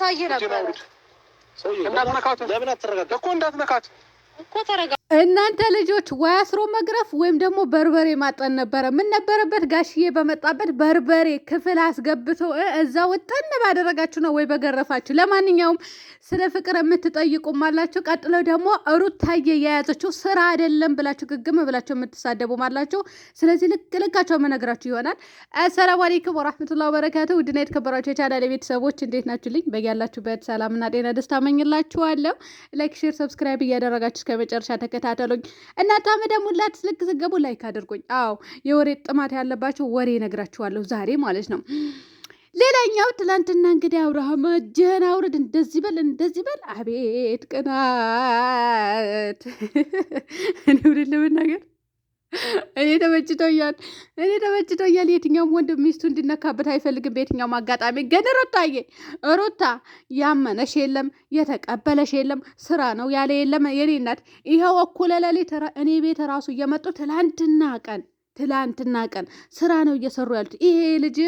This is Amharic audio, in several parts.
ታሳይ ነበር። እንዳትነካት ለምን አትረጋጋ እኮ እንዳትነካት እኮ ተረጋ እናንተ ልጆች ወይ አስሮ መግረፍ ወይም ደግሞ በርበሬ ማጠን ነበረ። ምን ነበረበት ጋሽዬ በመጣበት በርበሬ ክፍል አስገብቶ እዛ ወጠን ባደረጋችሁ ነው ወይ በገረፋችሁ። ለማንኛውም ስለ ፍቅር የምትጠይቁም አላችሁ። ቀጥለው ደግሞ ሩት ታየ የያዘችው ስራ አይደለም ብላችሁ ግግም ብላችሁ የምትሳደቡም አላችሁ። ስለዚህ ልክ ልካቸው መነግራችሁ ይሆናል። አሰላሙ አሌይኩም ወራህመቱላ ወበረካቱ። ውድና የተከበራችሁ የቻናል ቤተሰቦች እንዴት ናችሁ? ልኝ በያላችሁበት ሰላምና ጤና ደስታ መኝላችኋለሁ። ላይክ፣ ሼር፣ ሰብስክራይብ እያደረጋችሁ እስከ መጨረሻ ተከ ተከታተሉኝ። እና ታመዳም ሁላት ስልክ ስገቡ ላይክ አድርጉኝ። አዎ የወሬ ጥማት ያለባቸው ወሬ ነግራችኋለሁ ዛሬ ማለት ነው። ሌላኛው ትላንትና እንግዲህ አብርሃም እጅህን አውርድ፣ እንደዚህ በል፣ እንደዚህ በል። አቤት ቅናት! እኔ ውድልምን ነገር እኔ ተመችቶኛል፣ እኔ ተመችቶኛል። የትኛውም ወንድ ሚስቱ እንዲነካበት አይፈልግም በየትኛውም አጋጣሚ። ግን ሩታዬ ሩታ ያመነሽ የለም የተቀበለሽ የለም ስራ ነው ያለ የለም። የኔ እናት ይኸው እኩለ ሌሊት እኔ ቤት ራሱ እየመጡ ትላንትና ቀን ትላንትና ቀን ስራ ነው እየሰሩ ያሉት። ይሄ ልጅ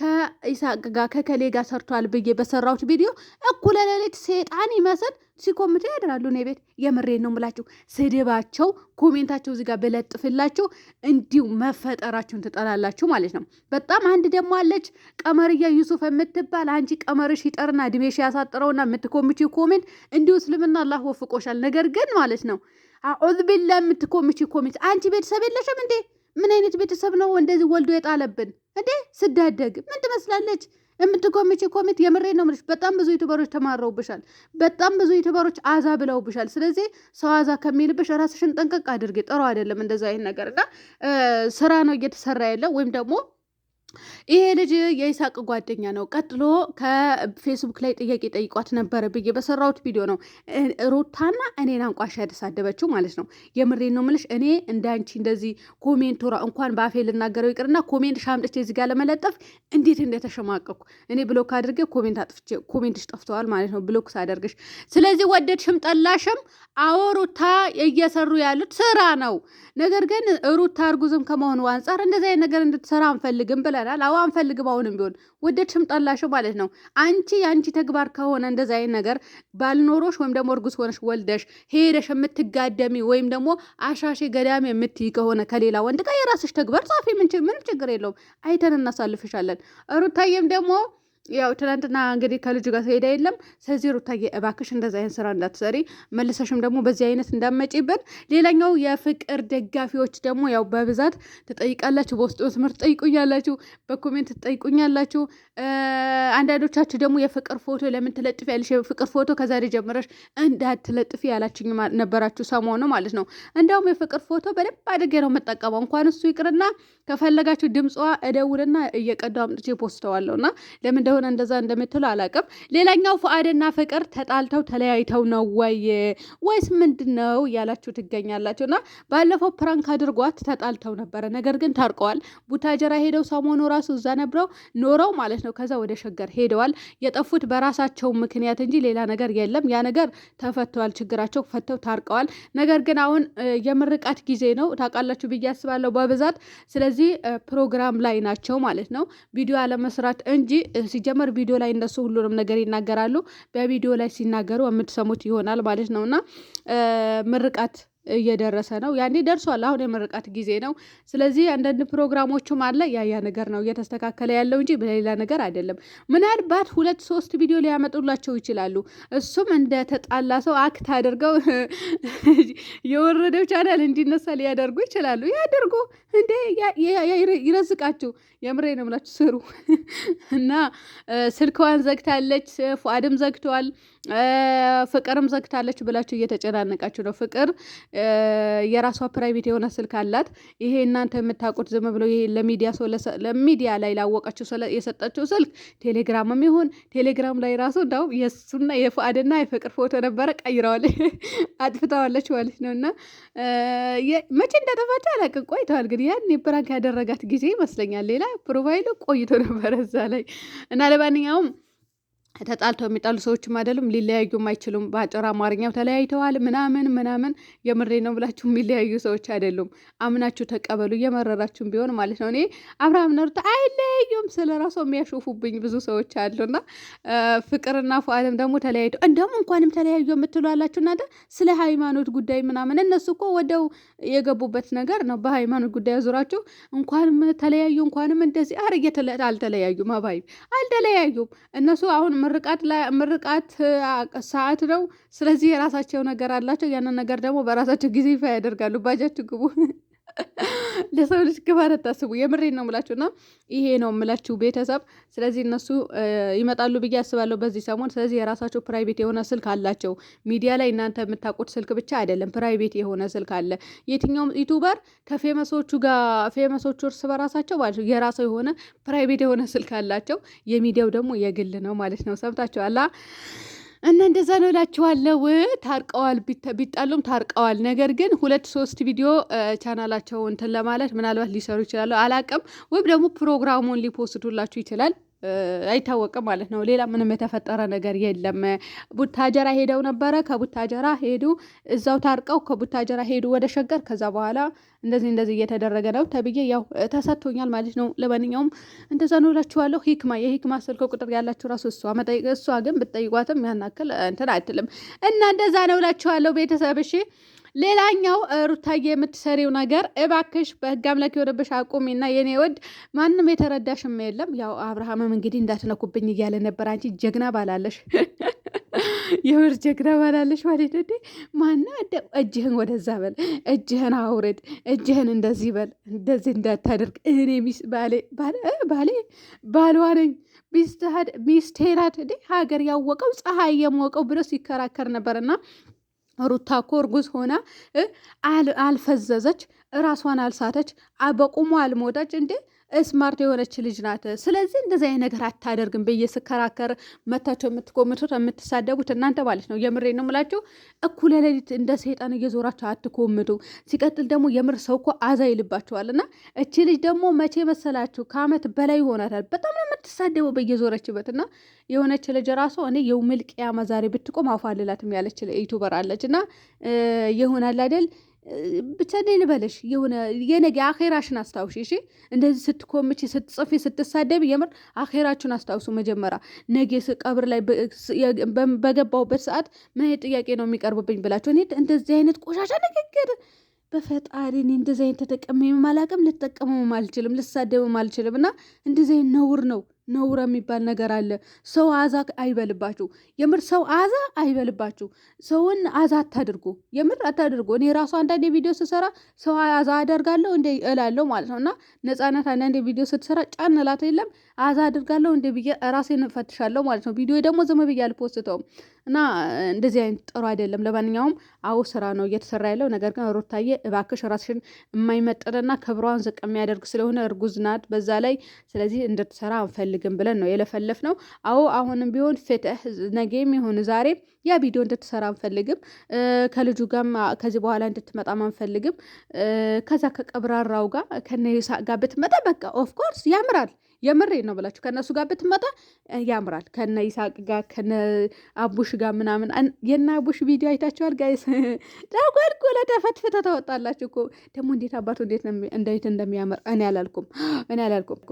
ከኢሳቅ ጋር ከከሌ ጋር ሰርቷል ብዬ በሰራሁት ቪዲዮ እኩለ ሌሊት ሴጣን ይመስል ሲኮምቱ ያድራሉ። እኔ ቤት የምሬን ነው ምላችሁ። ስድባቸው ኮሜንታቸው እዚህ ጋር በለጥፍላችሁ እንዲሁ መፈጠራችሁን ትጠላላችሁ ማለት ነው። በጣም አንድ ደግሞ አለች ቀመርያ ዩሱፍ የምትባል አንቺ ቀመርሽ ይጠርና እድሜሽ ያሳጥረውና የምትኮምቺ ኮሜንት እንዲሁ እስልምና አላህ ወፍቆሻል። ነገር ግን ማለት ነው አዑዝ ቢላ የምትኮምቺ ኮሜንት አንቺ ቤተሰብ የለሽም እንዴ? ምን አይነት ቤተሰብ ነው እንደዚህ ወልዶ የጣለብን እንዴ? ስዳደግ ምን ትመስላለች የምትጎምች ኮሚት የምሬ ነው የምልሽ። በጣም ብዙ ዩቱበሮች ተማረውብሻል። በጣም ብዙ ዩቱበሮች አዛ ብለውብሻል። ስለዚህ ሰው አዛ ከሚልብሽ ራስሽን ጠንቀቅ አድርጌ ጥሩ አይደለም እንደዛ አይነት ነገር እና ስራ ነው እየተሰራ ያለው ወይም ደግሞ ይሄ ልጅ የይሳቅ ጓደኛ ነው። ቀጥሎ ከፌስቡክ ላይ ጥያቄ ጠይቋት ነበረ ብዬ በሰራሁት ቪዲዮ ነው ሩታና እኔን አንቋሻ ያደሳደበችው ማለት ነው። የምሬን ነው የምልሽ። እኔ እንዳንቺ እንደዚህ ኮሜንት ራ እንኳን በአፌ ልናገረው ይቅርና ኮሜንት ሻምጥቼ እዚህ ጋር ለመለጠፍ እንዴት እንደተሸማቀኩ እኔ ብሎክ አድርጌ ኮሜንት አጥፍቼ ኮሜንትሽ ጠፍተዋል ማለት ነው ብሎክ ሳደርግሽ። ስለዚህ ወደድሽም ጠላሽም፣ አዎ ሩታ እየሰሩ ያሉት ስራ ነው። ነገር ግን ሩታ እርጉዝም ከመሆኑ አንጻር እንደዚህ አይነት ነገር እንድትሰራ አንፈልግም ብለን ይሻላል። አዎ አንፈልግም። አሁንም ቢሆን ወደድሽም ጠላሽው ማለት ነው። አንቺ የአንቺ ተግባር ከሆነ እንደዛ አይነት ነገር ባልኖሮሽ ወይም ደግሞ እርጉዝ ሆነሽ ወልደሽ ሄደሽ የምትጋደሚ ወይም ደግሞ አሻሼ ገዳሚ የምትይ ከሆነ ከሌላ ወንድ ጋር የራስሽ ተግባር ጻፊ። ምንም ችግር የለውም። አይተን እናሳልፍሻለን። ሩታዬም ደግሞ ያው ትናንትና እንግዲህ ከልጁ ጋር ሄደ የለም። ስለዚህ ሩታዬ እባክሽ እንደዚ አይነት ስራ እንዳትሰሪ፣ መልሰሽም ደግሞ በዚህ አይነት እንዳመጪብን። ሌላኛው የፍቅር ደጋፊዎች ደግሞ ያው በብዛት ትጠይቃላችሁ፣ በውስጥ መስመር ትጠይቁኛላችሁ፣ በኮሜንት ትጠይቁኛላችሁ። አንዳንዶቻችሁ ደግሞ የፍቅር ፎቶ ለምን ትለጥፊ ያለሽ የፍቅር ፎቶ ከዛሬ ጀምረሽ እንዳትለጥፊ ያላችኝ ነበራችሁ፣ ሰሞኑ ማለት ነው። እንደውም የፍቅር ፎቶ በደንብ አድርጌ ነው የምጠቀመው። እንኳን እሱ ይቅርና ከፈለጋችሁ ድምጿ እደውልና እየቀዳው አምጥቼ ፖስተዋለሁና ለምን እንደሆነ እንደዛ እንደምትሉ አላቅም። ሌላኛው ፍአድና ፍቅር ተጣልተው ተለያይተው ነው ወይ ወይስ ምንድን ነው እያላችሁ ትገኛላችሁ። እና ባለፈው ፕራንክ አድርጓት ተጣልተው ነበረ፣ ነገር ግን ታርቀዋል። ቡታጀራ ሄደው ሰሞኑ ራሱ እዛ ነብረው ኖረው ማለት ነው። ከዛ ወደ ሸገር ሄደዋል። የጠፉት በራሳቸው ምክንያት እንጂ ሌላ ነገር የለም። ያ ነገር ተፈተዋል፣ ችግራቸው ፈተው ታርቀዋል። ነገር ግን አሁን የምርቃት ጊዜ ነው ታውቃላችሁ ብዬ አስባለሁ በብዛት ስለዚህ ፕሮግራም ላይ ናቸው ማለት ነው ቪዲዮ አለመስራት እንጂ ሲጀመር ቪዲዮ ላይ እነሱ ሁሉንም ነገር ይናገራሉ። በቪዲዮ ላይ ሲናገሩ የምትሰሙት ይሆናል ማለት ነውና ምርቃት እየደረሰ ነው። ያኔ ደርሷል። አሁን የምርቃት ጊዜ ነው። ስለዚህ አንዳንድ ፕሮግራሞቹም አለ። ያያ ነገር ነው እየተስተካከለ ያለው እንጂ በሌላ ነገር አይደለም። ምናልባት ሁለት ሶስት ቪዲዮ ሊያመጡላቸው ይችላሉ። እሱም እንደ ተጣላ ሰው አክት አድርገው የወረደው ቻናል እንዲነሳ ሊያደርጉ ይችላሉ። ያደርጉ እንዴ! ይረዝቃችሁ። የምሬ ነው ምላችሁ ስሩ እና ስልክዋን ዘግታለች፣ ፉአድም ዘግተዋል፣ ፍቅርም ዘግታለች ብላችሁ እየተጨናነቃችሁ ነው ፍቅር የራሷ ፕራይቬት የሆነ ስልክ አላት። ይሄ እናንተ የምታውቁት ዝም ብሎ ይሄ ለሚዲያ ሰው ለሚዲያ ላይ ላወቀችው የሰጠችው ስልክ ቴሌግራምም ይሁን ቴሌግራም ላይ ራሱ እንዳውም የእሱና የፍአድና የፍቅር ፎቶ ነበረ ቀይረዋል፣ አጥፍታዋለች ማለት ነው። እና መቼ እንዳጠፋች አላውቅም፣ ቆይተዋል። ግን ያን ፕራንክ ያደረጋት ጊዜ ይመስለኛል። ሌላ ፕሮፋይሉ ቆይቶ ነበረ እዛ ላይ እና ለማንኛውም ተጣልተው የሚጣሉ ሰዎችም አይደሉም፣ ሊለያዩም አይችሉም። በአጭር አማርኛው ተለያይተዋል ምናምን ምናምን የምሬ ነው ብላችሁ የሚለያዩ ሰዎች አይደሉም። አምናችሁ ተቀበሉ፣ እየመረራችሁም ቢሆን ማለት ነው። እኔ አብርሃም ሩታ አይለያዩም ስለ ራሱ የሚያሾፉብኝ ብዙ ሰዎች አሉና ፍቅርና ፉአድም ደግሞ ተለያይተው እንደውም እንኳንም ተለያዩ የምትሉ አላችሁ እናንተ ስለ ሃይማኖት ጉዳይ ምናምን። እነሱ እኮ ወደው የገቡበት ነገር ነው። በሃይማኖት ጉዳይ አዙራችሁ እንኳንም ተለያዩ እንኳንም እንደዚህ አር አልተለያዩም። አባይ አልተለያዩም እነሱ አሁን ምርቃት ምርቃት ሰዓት ነው። ስለዚህ የራሳቸው ነገር አላቸው። ያንን ነገር ደግሞ በራሳቸው ጊዜ ይፋ ያደርጋሉ። ባጃችሁ ግቡ። ለሰው ልጅ ክብር አታስቡ። የምሬን ነው የምላችሁ እና ይሄ ነው ምላችሁ ቤተሰብ። ስለዚህ እነሱ ይመጣሉ ብዬ አስባለሁ በዚህ ሰሞን። ስለዚህ የራሳቸው ፕራይቬት የሆነ ስልክ አላቸው። ሚዲያ ላይ እናንተ የምታውቁት ስልክ ብቻ አይደለም፣ ፕራይቬት የሆነ ስልክ አለ። የትኛውም ዩቱበር ከፌመሶቹ ጋር ፌመሶቹ እርስ በራሳቸው ማለት ነው የሆነ ፕራይቬት የሆነ ስልክ አላቸው። የሚዲያው ደግሞ የግል ነው ማለት ነው። ሰምታችኋላ። እና እንደዛ ነው እላችኋለሁ። ታርቀዋል፣ ቢጣሉም ታርቀዋል። ነገር ግን ሁለት ሶስት ቪዲዮ ቻናላቸው እንትን ለማለት ምናልባት ሊሰሩ ይችላሉ፣ አላቅም። ወይም ደግሞ ፕሮግራሙን ሊፖስቱላችሁ ይችላል። አይታወቅም ማለት ነው። ሌላ ምንም የተፈጠረ ነገር የለም። ቡታጀራ ሄደው ነበረ። ከቡታጀራ ሄዱ፣ እዛው ታርቀው ከቡታጀራ ሄዱ ወደ ሸገር። ከዛ በኋላ እንደዚህ እንደዚህ እየተደረገ ነው ተብዬ ያው ተሰጥቶኛል ማለት ነው። ለማንኛውም እንደዛ ነው እላችኋለሁ። ሂክማ የሂክማ ስልክ ቁጥር ያላችሁ ራሱ እሷ መጠየቅ እሷ ግን ብትጠይቋትም ያን ያክል እንትን አትልም እና እንደዛ ነው እላችኋለሁ ቤተሰብ እሺ። ሌላኛው ሩታዬ የምትሰሪው ነገር እባክሽ በህግ አምላክ የሆነብሽ እና የኔ ወድ ማንም የተረዳሽም የለም። ያው አብርሃምም እንግዲህ እንዳትነኩብኝ እያለ ነበር። አንቺ ጀግና ባላለሽ የምር ጀግና ባላለሽ ማለት እንዴ ማና እጅህን ወደዛ በል፣ እጅህን አውርድ፣ እጅህን እንደዚህ በል፣ እንደዚህ እንዳታደርግ። እኔ ባሌ ባሏ ነኝ ሚስቴ ሀገር ያወቀው ፀሐይ የሞቀው ብሎ ሲከራከር ነበርና ሩታ እኮ እርጉዝ ሆና አልፈዘዘች፣ ራሷን አልሳተች፣ በቁሟ አልሞተች እንዴ! ስማርት የሆነች ልጅ ናት። ስለዚህ እንደዚህ አይነት ነገር አታደርግም ብዬ ስከራከር መታቸው የምትኮምቱት የምትሳደቡት እናንተ ማለት ነው። የምሬ ነው ምላችሁ። እኩለ ሌሊት እንደ ሰይጣን እየዞራቸው አትኮምቱ። ሲቀጥል ደግሞ የምር ሰው እኮ አዛ ይልባቸዋል። እና እቺ ልጅ ደግሞ መቼ መሰላችሁ ከአመት በላይ ይሆናታል። በጣም ነው የምትሳደበው በየዞረችበት እና የሆነች ልጅ ራሱ እኔ የውምልቅያ መዛሬ ብትቆም አፋልላትም ያለች ዩቱበር አለች እና ይሆናል አይደል ብቻ ደል በለሽ የሆነ የነገ አኼራሽን አስታውሽ። እሺ እንደዚህ ስትኮምች፣ ስትጽፊ፣ ስትሳደብ የምር አኼራችሁን አስታውሱ። መጀመሪያ ነገ ቀብር ላይ በገባሁበት ሰዓት ምን አይነት ጥያቄ ነው የሚቀርብብኝ ብላችሁ እኔ እንደዚህ አይነት ቆሻሻ ንግግር በፈጣሪ እኔ እንደዚህ አይነት ተጠቀመ አላቅም፣ ልጠቀመም አልችልም፣ ልሳደብም አልችልም። እና እንደዚህ አይነት ነውር ነው። ነውር የሚባል ነገር አለ። ሰው አዛ አይበልባችሁ፣ የምር ሰው አዛ አይበልባችሁ። ሰውን አዛ አታድርጉ፣ የምር አታድርጉ። እኔ ራሱ አንዳንድ ቪዲዮ ስሰራ ሰው አዛ አደርጋለሁ እንደ እላለሁ ማለት ነው። እና ነፃነት አንዳንድ ቪዲዮ ስትሰራ ጫን እላት የለም አዛ አድርጋለሁ እንደ ብዬ ራሴን ፈትሻለሁ ማለት ነው። ቪዲዮ ደግሞ ዝም ብዬ አልፖስተውም እና እንደዚህ አይነት ጥሩ አይደለም። ለማንኛውም አዎ ስራ ነው እየተሰራ ያለው ነገር ግን ሩታዬ እባክሽ ራስሽን የማይመጥንና ክብሯን ዝቅ የሚያደርግ ስለሆነ እርጉዝ ናት በዛ ላይ ስለዚህ እንድትሰራ አንፈልግም ብለን ነው የለፈለፍ ነው። አዎ አሁንም ቢሆን ፍትህ ነገም ይሁን ዛሬ ያ ቪዲዮ እንድትሰራ አንፈልግም። ከልጁ ጋር ከዚህ በኋላ እንድትመጣም አንፈልግም። ከዛ ከቀብራራው ጋር ከነሳ ጋር ብትመጣ በቃ ኦፍኮርስ ያምራል የምሬ ነው ብላችሁ ከእነሱ ጋር ብትመጣ ያምራል። ከነ ይሳቅ ጋር ከነ አቡሽ ጋር ምናምን የነ አቡሽ ቪዲዮ አይታችኋል ጋይስ። ዳጓድጎለ ተፈትፍተ ተወጣላችሁ እኮ ደግሞ እንዴት አባቱ እንዴት እንደሚያምር እኔ አላልኩም፣ እኔ አላልኩም።